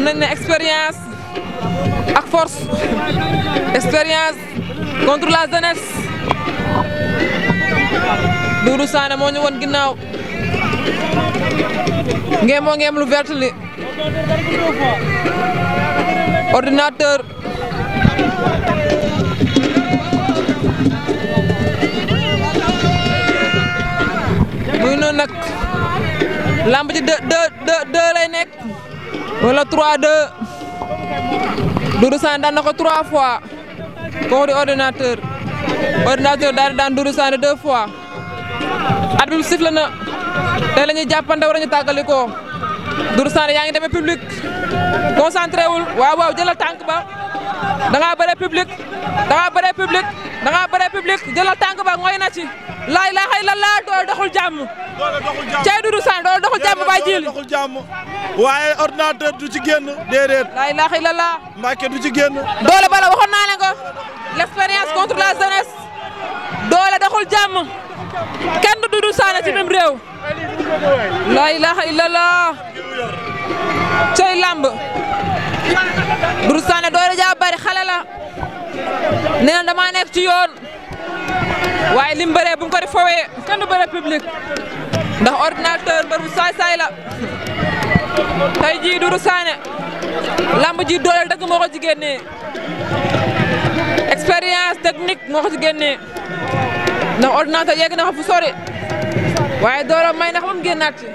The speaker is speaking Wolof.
mën nañ ne expérience ak force expérience contre la jeunesse Doudou Sané moo ñu woon ginnaaw ngeen moo ngeem lu verte li ordinateur muy noonu nag lamb ji deux deux deux lay nekk wala 3-2 Doudou Sané daan na ko 3 fois kooku di ordinateur ordinateur daal di daan Doudou Sané 2 fois arbitre bi sifflé na tey la ñuy jàppante war nañu tàggali ko Doudou yaa ngi demee public concentré wul waaw waaw jëlal tànk ba da ngaa bëree public da ngaa bëree public da ngaa bëree public tànk ba ngoy na ci laa xay la laa doole doxul jëli doxul du ci génn déedéet la ilaha illallah du ci génn doole bala waxoon naa ne contre la jeunesse doole doxul jàmm kenn du Doudou Sané ci même réew la ilaha illallah ci yoon waaye lim bare bu ko di fowee kenn du bëree public ndax ordinateur mbër bu saay saay la tey jii Doudou Sané lamb ji dooleel dëgg moo ko ci génnee expérience technique moo ko ci ndax ordinateur yegg na ko fu sori waaye dooro may na xam mu génnaat ci